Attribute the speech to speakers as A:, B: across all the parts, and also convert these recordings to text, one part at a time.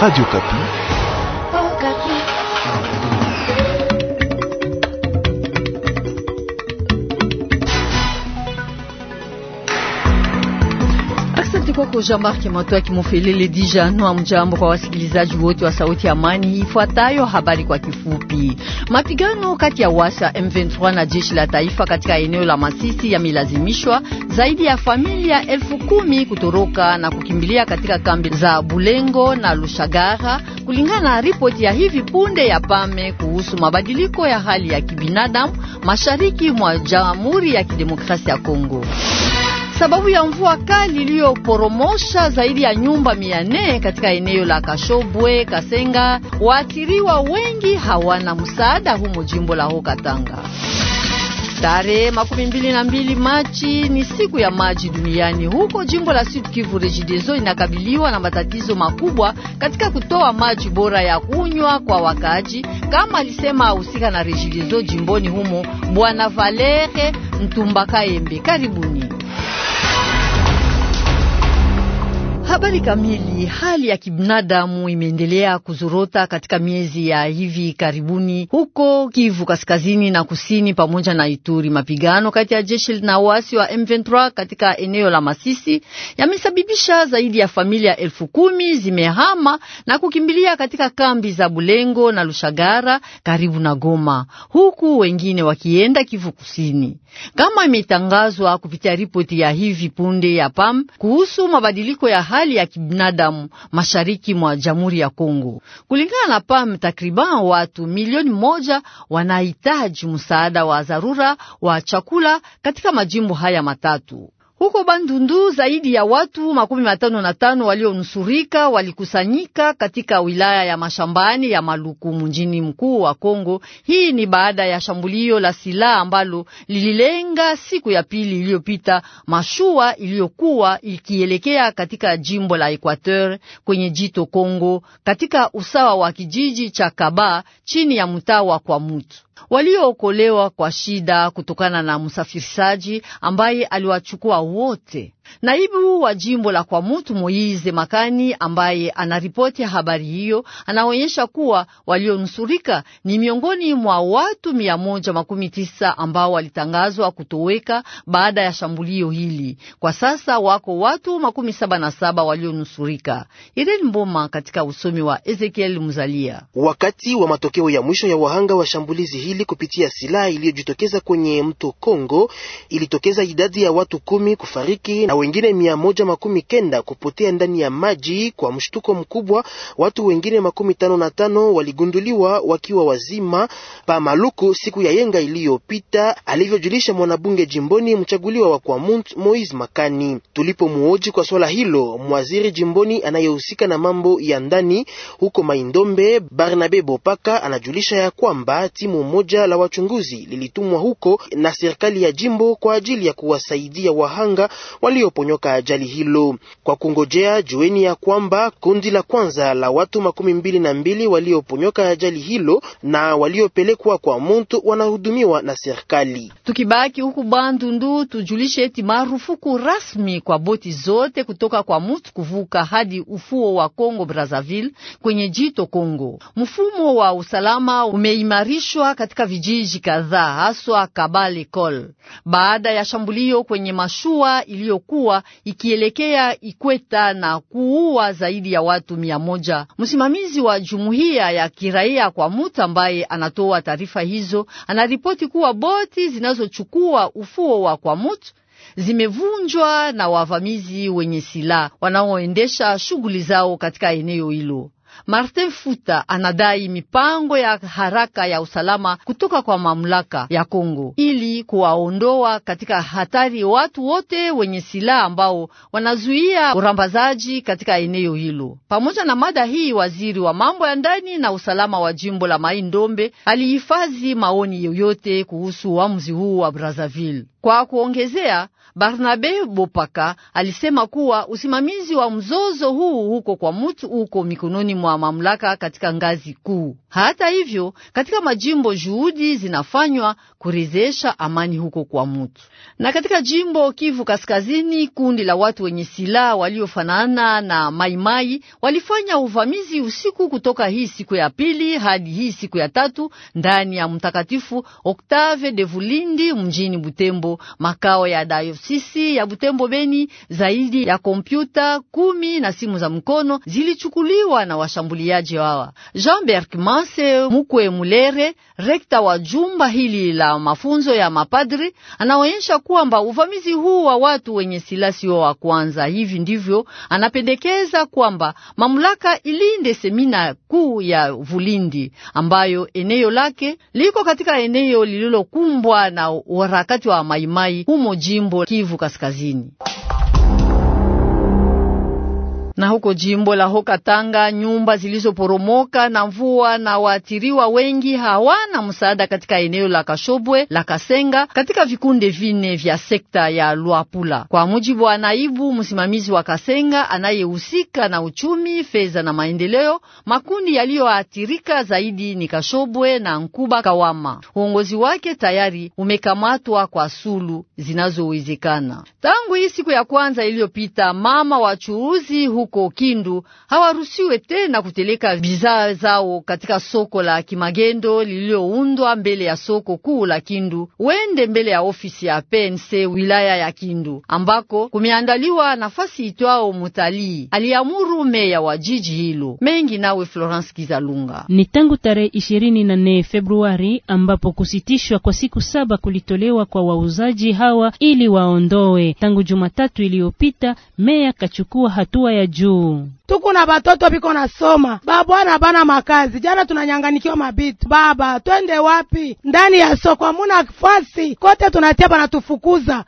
A: Radio Kapi.
B: kwako Jean Marc Matoa Kimofelele Dijano. Mjambo kwa wasikilizaji wote wa Sauti ya Amani. Ifuatayo habari kwa kifupi. Mapigano kati ya wasa M23 na jeshi la taifa katika eneo la Masisi yamelazimishwa zaidi ya familia elfu kumi kutoroka na kukimbilia katika kambi za Bulengo na Lushagara, kulingana na ripoti ya hivi punde ya PAME kuhusu mabadiliko ya hali ya kibinadamu mashariki mwa Jamhuri ya Kidemokrasia ya Kongo sababu ya mvua kali iliyoporomosha zaidi ya nyumba mia nne katika eneo la Kashobwe Kasenga. Waathiriwa wengi hawana msaada humo jimbo la Haut-Katanga. Tarehe makumi mbili na mbili Machi ni siku ya maji duniani. Huko jimbo la Sud Kivu, Regideso inakabiliwa na matatizo makubwa katika kutoa maji bora ya kunywa kwa wakaaji, kama alisema ahusika na Regideso jimboni humo Bwana Valere Mtumbakayembe. Karibuni. Habari kamili. Hali ya kibinadamu imeendelea kuzorota katika miezi ya hivi karibuni huko Kivu kaskazini na kusini pamoja na Ituri. Mapigano kati ya jeshi na waasi wa M23 katika eneo la Masisi yamesababisha zaidi ya familia elfu kumi zimehama na kukimbilia katika kambi za Bulengo na Lushagara karibu na Goma, huku wengine wakienda Kivu kusini, kama imetangazwa kupitia ripoti ya hivi punde ya PAM kuhusu mabadiliko ya hali ya kibinadamu mashariki mwa Jamhuri ya Kongo. Kulingana na PAM, takriban watu milioni moja wanahitaji msaada wa dharura wa chakula katika majimbo haya matatu. Huko Bandundu zaidi ya watu makumi matano na tano walionusurika walikusanyika katika wilaya ya mashambani ya Maluku mjini mkuu wa Kongo. Hii ni baada ya shambulio la silaha ambalo lililenga siku ya pili iliyopita mashua iliyokuwa ikielekea katika jimbo la Equateur kwenye jito Kongo katika usawa wa kijiji cha Kaba chini ya mtaa wa Kwamutu waliookolewa kwa shida kutokana na msafirishaji ambaye aliwachukua wote Naibu wa jimbo la kwa mutu Moize Makani, ambaye anaripoti habari hiyo, anaonyesha kuwa walionusurika ni miongoni mwa watu mia moja makumi tisa ambao walitangazwa kutoweka baada ya shambulio hili. Kwa sasa wako watu makumi saba na saba walionusurika. Irene Mboma katika usomi wa Ezekiel Muzalia.
A: Wakati wa matokeo ya mwisho ya wahanga wa shambulizi hili kupitia silaha iliyojitokeza kwenye mto Kongo, ilitokeza idadi ya watu kumi kufariki na wengine mia moja makumi kenda kupotea ndani ya maji kwa mshtuko mkubwa. Watu wengine makumi tano na tano waligunduliwa wakiwa wazima pa Maluku siku ya yenga iliyopita, alivyojulisha mwanabunge jimboni mchaguliwa wa Kwamouth Moise Makani. Tulipomuoji kwa swala hilo mwaziri jimboni anayehusika na mambo ya ndani huko Maindombe, Barnabe Bopaka, anajulisha ya kwamba timu moja la wachunguzi lilitumwa huko na serikali ya jimbo kwa ajili ya kuwasaidia wahanga walio walioponyoka ajali hilo. Kwa kungojea, jueni ya kwamba kundi la kwanza la watu makumi mbili na mbili walioponyoka ajali hilo na waliopelekwa kwa Muntu wanahudumiwa na serikali.
B: Tukibaki huku Bandundu, tujulishe eti marufuku rasmi kwa boti zote kutoka kwa mutu kuvuka hadi ufuo wa Kongo Brazzaville kwenye jito Kongo. Mfumo wa usalama umeimarishwa katika vijiji kadhaa haswa Kabale baada ya shambulio kwenye mashua iliyokuwa ilikuwa ikielekea Ikweta na kuua zaidi ya watu mia moja. Msimamizi wa jumuiya ya kiraia kwa mutu ambaye anatoa taarifa hizo anaripoti kuwa boti zinazochukua ufuo wa kwa mutu zimevunjwa na wavamizi wenye silaha wanaoendesha shughuli zao katika eneo hilo. Martin Futa anadai mipango ya haraka ya usalama kutoka kwa mamlaka ya Kongo ili kuwaondoa katika hatari watu wote wenye silaha ambao wanazuia urambazaji katika eneo hilo. Pamoja na mada hii, waziri wa mambo ya ndani na usalama wa jimbo la Mai Ndombe alihifadhi maoni yoyote kuhusu uamuzi huu wa Brazzaville. Kwa kuongezea Barnabe Bopaka alisema kuwa usimamizi wa mzozo huu huko kwa mutu uko mikononi mwa mamlaka katika ngazi kuu. Hata hivyo, katika majimbo juhudi zinafanywa kurejesha amani huko kwa mutu. Na katika jimbo Kivu Kaskazini, kundi la watu wenye silaha waliofanana na maimai walifanya uvamizi usiku kutoka hii siku ya pili hadi hii siku ya tatu ndani ya mtakatifu Octave de Vulindi mjini Butembo, makao ya Dayos taasisi ya Butembo Beni, zaidi ya kompyuta kumi na simu za mkono zilichukuliwa na washambuliaji hawa. jean Berk Mase Mukwe Mulere, rekta wa jumba hili la mafunzo ya mapadri, anaonyesha kwamba uvamizi huu wa watu wenye silaha sio wa kwanza. Hivi ndivyo anapendekeza kwamba mamlaka ilinde semina kuu ya Vulindi ambayo eneo lake liko katika eneo lililokumbwa na uharakati wa maimai humo jimbo Kivu Kaskazini. Na huko jimbo la Haut-Katanga, nyumba zilizoporomoka na mvua na waathiriwa wengi hawana msaada katika eneo la Kashobwe la Kasenga katika vikundi vine vya sekta ya Luapula, kwa mujibu wa naibu msimamizi wa Kasenga anayehusika na uchumi, fedha na maendeleo. Makundi yaliyoathirika zaidi ni Kashobwe na Nkuba Kawama. Uongozi wake tayari umekamatwa kwa sulu zinazowezekana tangu hii siku ya kwanza iliyopita. Mama wachuuzi huko Kindu hawaruhusiwe tena kuteleka bidhaa zao katika soko la kimagendo lililoundwa mbele ya soko kuu la Kindu, wende mbele ya ofisi ya PNC wilaya ya Kindu ambako kumeandaliwa nafasi itwao Mutalii. Aliamuru meya wa jiji hilo mengi. Nawe Florence Kizalunga.
C: Ni tangu tarehe 24 Februari ambapo kusitishwa kwa siku saba kulitolewa kwa wauzaji hawa ili waondoe. Tangu Jumatatu iliyopita meya kachukua hatua ya juu tuku na
D: batoto biko nasoma, babwana bana makazi. Jana tunanyanganikiwa mabitu, baba twende wapi? Ndani ya soko amuna fasi, kote tunatia banatufukuza,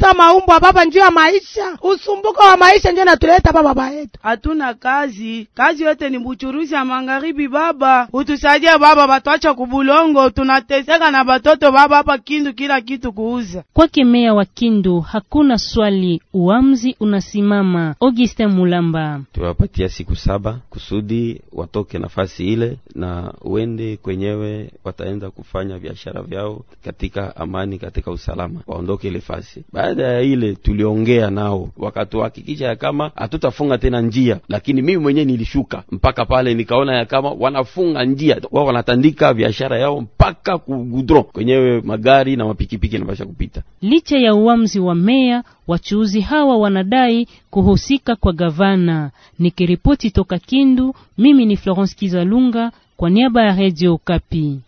D: sa maumbwa baba. Njuu ya maisha, usumbuko wa maisha njo natuleta baba, baba yetu
C: hatuna kazi,
D: kazi yote ni buchuruzi ya mangaribi. Baba utusaidie baba, batwacha kubulongo, tunateseka na batoto baba, hapa Kindu kila kitu kuuza.
C: Kwake meya wa Kindu hakuna swali, uamzi unasimama. Augustin Mulamba kwamba
A: tumewapatia siku saba kusudi watoke nafasi ile na uende kwenyewe, wataenda kufanya biashara vyao katika amani, katika usalama, waondoke ile fasi. Baada ya ile tuliongea nao, wakatuhakikisha ya kama hatutafunga tena njia, lakini mimi mwenyewe nilishuka mpaka pale nikaona ya kama wanafunga njia, wao wanatandika biashara yao mpaka kugudron kwenyewe, magari na mapikipiki yanapasha kupita.
C: Licha ya uamuzi wa meya, wachuuzi hawa wanadai kuhusika kwa gavana sana. Nikiripoti toka Kindu, mimi ni Florence Kizalunga kwa niaba ya Radio Kapi.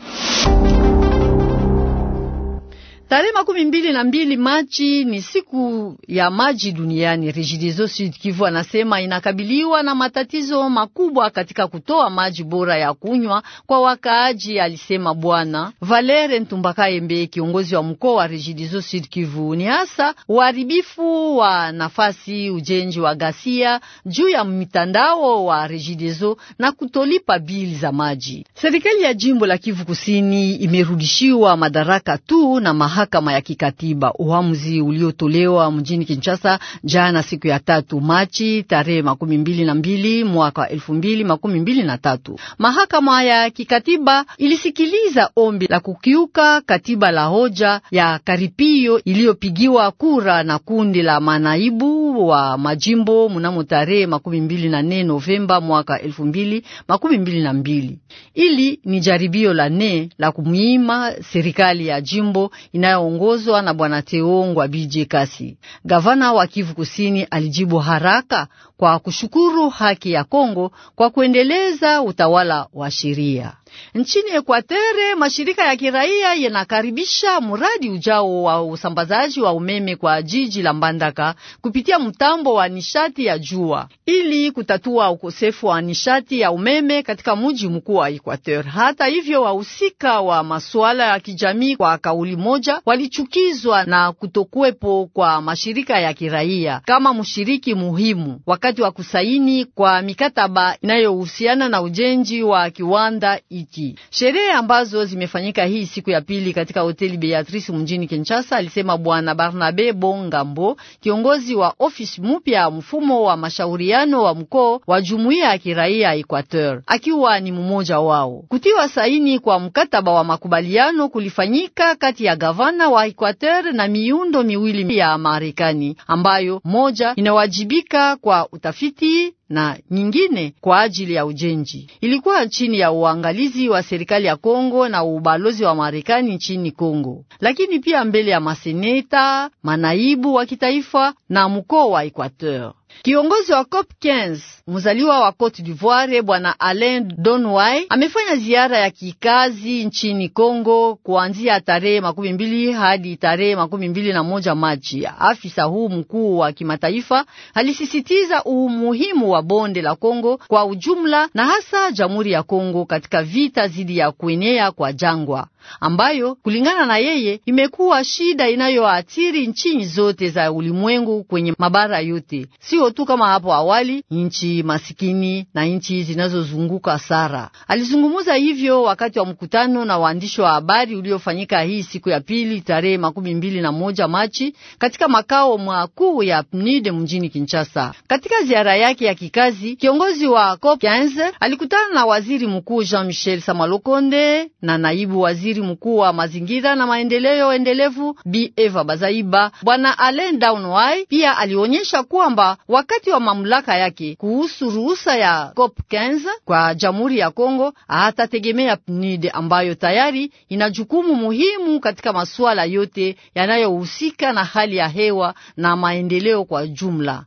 B: Tarehe makumi mbili na mbili Machi ni siku ya maji duniani. Regideso Sud Kivu anasema inakabiliwa na matatizo makubwa katika kutoa maji bora ya kunywa kwa wakaaji, alisema Bwana Valere Ntumbakayembe, kiongozi wa mkoa wa Regideso Sud Kivu. Ni hasa uharibifu wa nafasi, ujenzi wa gasia juu ya mitandao wa Regideso na kutolipa bili za maji. Serikali ya jimbo la Kivu Kusini imerudishiwa madaraka tu na maha mahakama ya kikatiba uamuzi uliotolewa mjini Kinshasa jana siku ya tatu Machi tarehe makumi mbili na mbili mwaka elfu mbili makumi mbili na tatu. Mahakama ya kikatiba ilisikiliza ombi la kukiuka katiba la hoja ya karipio iliyopigiwa kura na kundi la manaibu wa majimbo mnamo tarehe makumi mbili na nne Novemba mwaka elfu mbili makumi mbili na mbili. Ili ni jaribio la nne la kumwima serikali ya jimbo ina inayoongozwa na Bwana Teongwa BJ Kasi. Gavana wa Kivu Kusini alijibu haraka kwa kushukuru haki ya Kongo kwa kuendeleza utawala wa sheria. Nchini Ekwatere, mashirika ya kiraia yanakaribisha mradi ujao wa usambazaji wa umeme kwa jiji la Mbandaka kupitia mtambo wa nishati ya jua ili kutatua ukosefu wa nishati ya umeme katika mji mkuu wa ekuater Hata hivyo, wahusika wa masuala ya kijamii kwa kauli moja walichukizwa na kutokuwepo kwa mashirika ya kiraia kama mshiriki muhimu wakati wa kusaini kwa mikataba inayohusiana na ujenzi wa kiwanda hiki. Sherehe ambazo zimefanyika hii siku ya pili katika hoteli Beatrice mjini Kinshasa, alisema Bwana Barnabe Bongambo, kiongozi wa ofisi mupya mfumo wa mashauriano wa mkoo wa jumuiya ya kiraia Equateur, akiwa ni mmoja wao. Kutiwa saini kwa mkataba wa makubaliano kulifanyika kati ya gavana wa Equateur na miundo miwili ya Marekani ambayo moja inawajibika kwa utafiti na nyingine kwa ajili ya ujenzi. Ilikuwa chini ya uangalizi wa serikali ya Kongo na ubalozi wa Marekani nchini Kongo, lakini pia mbele ya maseneta, manaibu wa kitaifa na mkoa wa Equateur. Kiongozi wa COP 15 mzaliwa wa Cote d'Ivoire bwana Alain Donway amefanya ziara ya kikazi nchini Kongo kuanzia tarehe makumi mbili hadi tarehe makumi mbili na moja Machi. Afisa huu mkuu wa kimataifa alisisitiza umuhimu wa bonde la Kongo kwa ujumla na hasa Jamhuri ya Kongo katika vita dhidi ya kuenea kwa jangwa ambayo kulingana na yeye imekuwa shida inayoathiri nchi zote za ulimwengu kwenye mabara yote, sio tu kama hapo awali nchi masikini na nchi zinazozunguka Sara. Alizungumuza hivyo wakati wa mkutano na waandishi wa habari uliofanyika hii siku ya pili tarehe makumi mbili na moja Machi katika makao makuu ya pnide mjini Kinshasa. Katika ziara yake ya kikazi, kiongozi wa COP 15 alikutana na waziri mkuu Jean Michel Samalokonde na naibu waziri mkuu wa mazingira na maendeleo endelevu Bi Eva Bazaiba. Bwana Alain Daunway pia alionyesha kwamba wakati wa mamlaka yake kuu kuhusu ruhusa ya COP15 kwa Jamhuri ya Kongo hatategemea PNUD ambayo tayari ina jukumu muhimu katika masuala yote yanayohusika na hali ya hewa na maendeleo kwa jumla.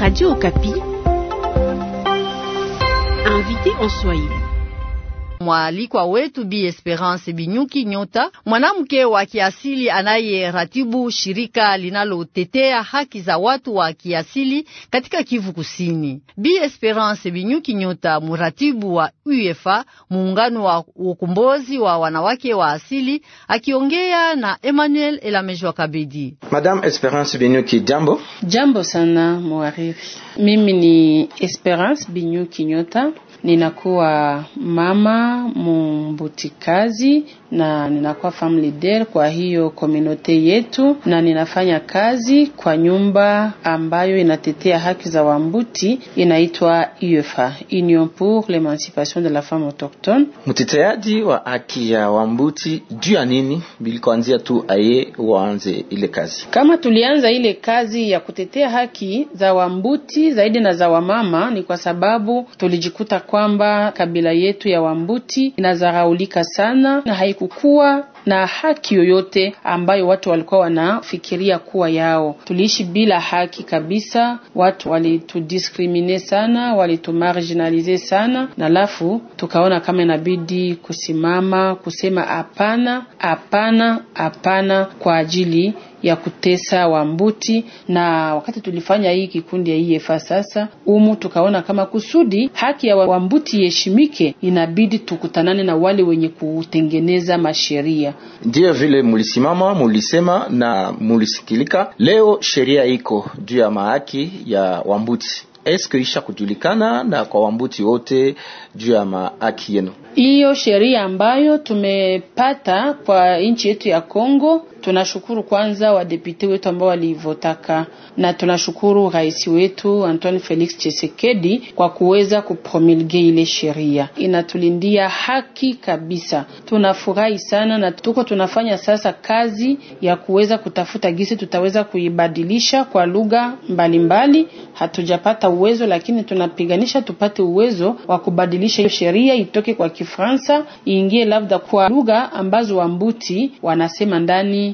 B: Radio Okapi, invité en Swahili. Mwalikwa wetu Bi Esperance Binyuki Nyota, mwanamke wa kiasili anayeratibu shirika linalotetea haki za watu wa kiasili katika Kivu Kusini. Bi Esperance Binyuki Nyota, muratibu wa UEFA, muungano wa ukombozi wa wanawake wa asili, akiongea na Emmanuel Elamejwa Kabedi.
A: Madame Esperance Binyuki, jambo.
B: Jambo sana mwarifi. Mimi
D: ni Esperance Binyuki Nyota Ninakuwa mama mumbutikazi na ninakuwa femme leader kwa hiyo komunote yetu, na ninafanya kazi kwa nyumba ambayo inatetea haki za Wambuti, inaitwa UFA, Union pour l'Emancipation de la Femme Autochtone.
A: Mteteaji wa haki ya Wambuti juu ya nini bilikuanzia tu aye waanze ile kazi?
D: Kama tulianza ile kazi ya kutetea haki za Wambuti zaidi na za wamama, ni kwa sababu tulijikuta kwamba kabila yetu ya Wambuti inazaraulika sana na haiku Haikukuwa na haki yoyote ambayo watu walikuwa wanafikiria kuwa yao. Tuliishi bila haki kabisa, watu walitudiskrimine sana, walitumarginalize sana, na alafu tukaona kama inabidi kusimama kusema hapana, hapana, hapana kwa ajili ya kutesa Wambuti, na wakati tulifanya hii kikundi ya efa sasa umu, tukaona kama kusudi haki ya Wambuti iheshimike, inabidi tukutanane na wale wenye kutengeneza masheria.
A: Ndiyo vile mulisimama, mulisema na mulisikilika. Leo sheria iko juu ya mahaki ya Wambuti eske isha kujulikana na kwa Wambuti wote juu ya mahaki yenu.
D: Hiyo sheria ambayo tumepata kwa nchi yetu ya Kongo Tunashukuru kwanza wadepute wetu ambao walivotaka na tunashukuru rais wetu Antoine Felix Tshisekedi kwa kuweza kupromulge ile sheria, inatulindia haki kabisa. Tunafurahi sana na tuko tunafanya sasa kazi ya kuweza kutafuta gisi tutaweza kuibadilisha kwa lugha mbalimbali. Hatujapata uwezo, lakini tunapiganisha tupate uwezo wa kubadilisha hiyo sheria itoke kwa Kifaransa iingie labda kwa lugha ambazo Wambuti wanasema ndani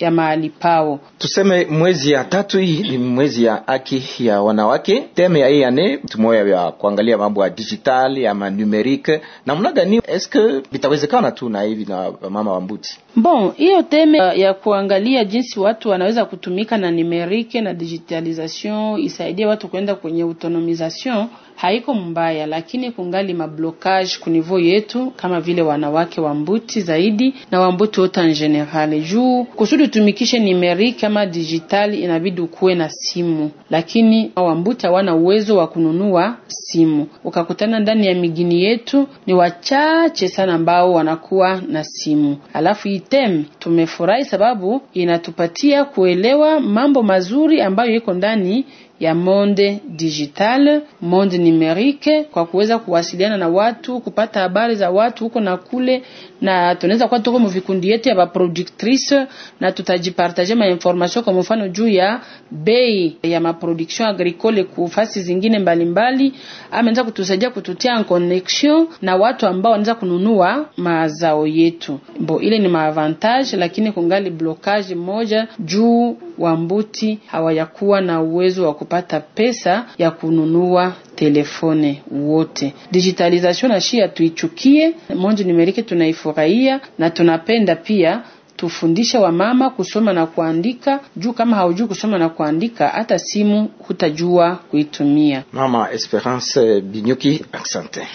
D: ya mahali
A: pao. Tuseme mwezi ya tatu hii ni mwezi ya haki ya wanawake. Teme ya hii ane tumoya ya kuangalia mambo ya digital ama numerike, namna gani eske vitawezekana tu na hivi na mama Wambuti?
D: Bon, hiyo teme ya kuangalia jinsi watu wanaweza kutumika na numerike na digitalization isaidie watu kwenda kwenye autonomization haiko mbaya, lakini kungali mablokage kunivo yetu kama vile wanawake Wambuti zaidi na Wambuti wote en general juu kusudi utumikishe nimeri kama dijitali, inabidi ukuwe na simu, lakini Wambuti hawana uwezo wa kununua simu. Ukakutana ndani ya migini yetu ni wachache sana ambao wanakuwa na simu. Alafu item tumefurahi sababu inatupatia kuelewa mambo mazuri ambayo iko ndani ya monde digital, monde numerique, kwa kuweza kuwasiliana na watu, kupata habari za watu huko na kule, na tunaweza kuwa tuko vikundi yetu ya productrice na tutajipartager ma information kwa mfano juu ya bei ya ma production agricole kufasi zingine mbalimbali, ameanza kutusaidia kututia en connection na watu ambao wanaweza kununua mazao yetu. Bo ile ni maavantage, lakini kungali blocage moja juu wa mbuti hawayakuwa na uwezo wa kupata pesa ya kununua telefone wote. Digitalization na shia tuichukie monji nimerike tunaifurahia na tunapenda pia tufundishe wamama kusoma na kuandika, juu kama haujui kusoma na kuandika, hata simu hutajua kuitumia.
A: Mama Esperance Binyuki, asante.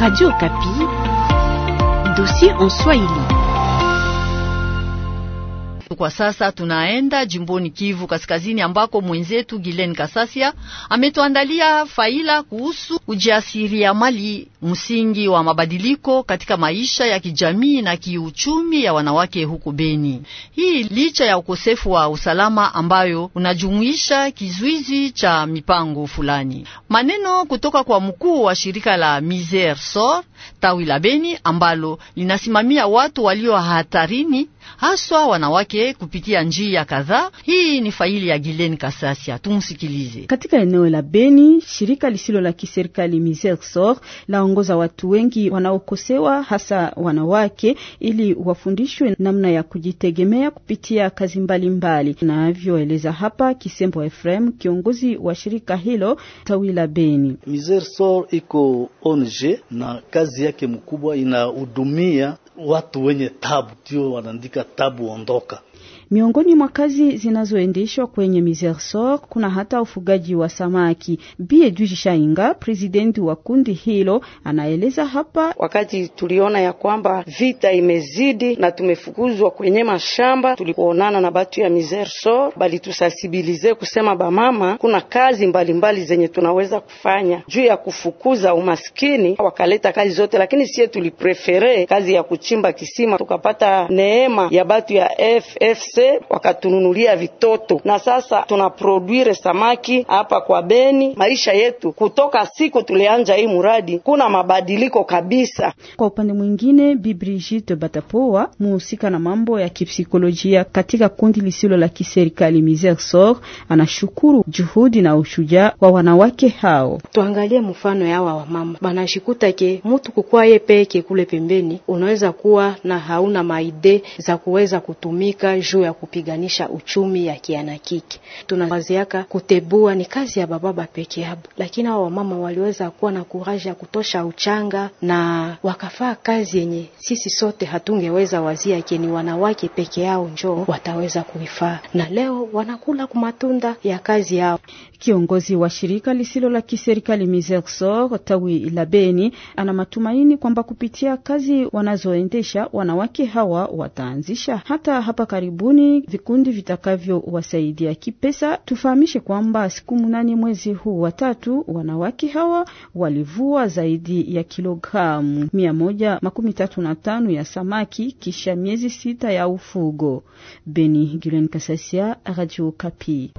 B: Radio Kapi, dossier en Swahili. Kwa sasa tunaenda jimboni Kivu Kaskazini ambako mwenzetu Gilen Kasasia ametuandalia faila kuhusu ujasiriamali, msingi wa mabadiliko katika maisha ya kijamii na kiuchumi ya wanawake huku Beni. Hii licha ya ukosefu wa usalama ambayo unajumuisha kizuizi cha mipango fulani. Maneno kutoka kwa mkuu wa shirika la Misere Sor tawi la Beni ambalo linasimamia watu walio hatarini, haswa wanawake kupitia njia kadhaa. Hii ni faili ya Gilen Kasasia, tumsikilize.
C: Katika eneo la Beni, shirika lisilo la kiserikali Misersor laongoza watu wengi wanaokosewa, hasa wanawake, ili wafundishwe namna ya kujitegemea kupitia kazi mbalimbali, mbali. hapa Kisembo Efrem, kiongozi wa shirika hilo tawi la Beni. Misersor
A: iko na kazi kazi yake mkubwa inahudumia watu wenye tabu, ndio wanaandika tabu ondoka
C: Miongoni mwa kazi zinazoendeshwa kwenye misersor kuna hata ufugaji wa samaki. Bie presidenti wa kundi hilo, anaeleza hapa. Wakati tuliona ya kwamba vita imezidi na tumefukuzwa kwenye mashamba, tulikuonana na batu ya misersor balitusasibilize kusema, bamama, kuna kazi mbalimbali mbali zenye tunaweza kufanya juu ya kufukuza umaskini. Wakaleta kazi zote, lakini sie tuliprefere kazi ya kuchimba kisima, tukapata neema ya batu ya FFC Ese wakatununulia vitoto na sasa tunaproduire samaki hapa kwa Beni. Maisha yetu kutoka siku tulianja hii muradi kuna mabadiliko kabisa. Kwa upande mwingine, Bi Brigitte Batapoa muhusika na mambo ya kipsikolojia katika kundi lisilo la kiserikali misere sor anashukuru juhudi na ushujaa wa wanawake hao. Tuangalie mfano yawa wamama banashikuta ke mutu ye peke kule pembeni, unaweza kuwa na hauna maide za kuweza kutumika juu ya kupiganisha uchumi ya kiana kike. Tunawaziaka kutebua ni kazi ya bababa peke yao, lakini hao wamama waliweza kuwa na kuraja ya kutosha uchanga na wakafaa kazi yenye sisi sote hatungeweza wazia, keni wanawake peke yao njo wataweza kuifaa, na leo wanakula kumatunda ya kazi yao. Kiongozi wa shirika lisilo la kiserikali Misersor tawi la Beni ana matumaini kwamba kupitia kazi wanazoendesha wanawake hawa wataanzisha hata hapa karibuni karibuni vikundi vitakavyowasaidia kipesa. Tufahamishe kwamba siku munane mwezi huu wa tatu wanawake hawa walivua zaidi ya kilogramu mia moja makumi tatu na tano ya samaki kisha miezi sita ya ufugo. Beni gulen Kasasia, Radio Kapi.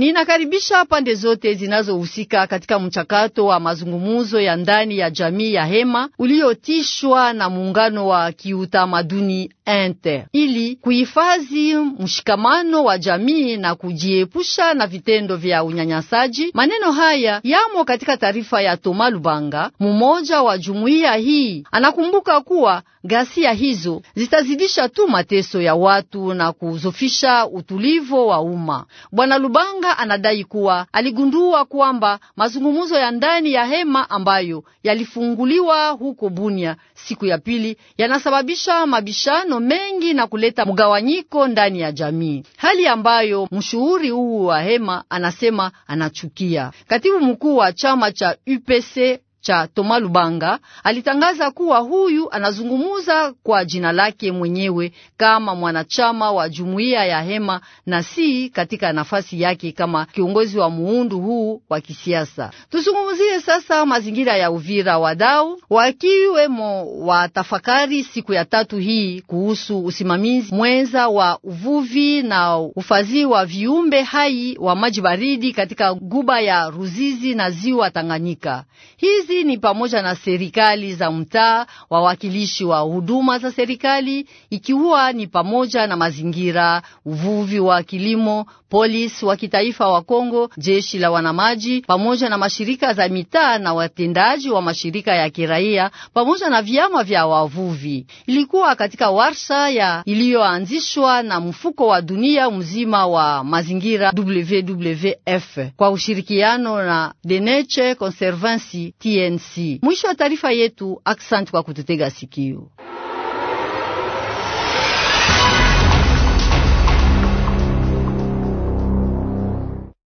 B: Ninakaribisha pande zote zinazohusika katika mchakato wa mazungumzo ya ndani ya jamii ya Hema uliotishwa na muungano wa kiutamaduni Inter ili kuhifadhi mshikamano wa jamii na kujiepusha na vitendo vya unyanyasaji. Maneno haya yamo katika taarifa ya Toma Lubanga, mumoja wa jumuiya hii. Anakumbuka kuwa ghasia hizo zitazidisha tu mateso ya watu na kuzofisha utulivu wa umma. Bwana Lubanga anadai kuwa aligundua kwamba mazungumzo ya ndani ya hema ambayo yalifunguliwa huko Bunia siku ya pili yanasababisha mabishano mengi na kuleta mgawanyiko ndani ya jamii, hali ambayo mshuhuri huu wa hema anasema anachukia. Katibu mkuu wa chama cha UPC cha Toma Lubanga alitangaza kuwa huyu anazungumuza kwa jina lake mwenyewe kama mwanachama wa jumuiya ya Hema na si katika nafasi yake kama kiongozi wa muundo huu wa kisiasa. Tuzungumzie sasa mazingira ya Uvira, wadau wakiwemo watafakari siku ya tatu hii kuhusu usimamizi mwenza wa uvuvi na ufadhili wa viumbe hai wa maji baridi katika guba ya Ruzizi na ziwa Tanganyika. Hizi Hizi ni pamoja na serikali za mtaa, wawakilishi wa huduma za serikali, ikiwa ni pamoja na mazingira, uvuvi wa kilimo, polisi wa kitaifa wa Kongo, jeshi la wanamaji, pamoja na mashirika za mitaa na watendaji wa mashirika ya kiraia pamoja na vyama vya wavuvi. Ilikuwa katika warsha ya iliyoanzishwa na mfuko wa dunia mzima wa mazingira WWF kwa ushirikiano na Deneche Conservancy PNC. Mwisho wa taarifa yetu. Aksanti kwa kututega sikio.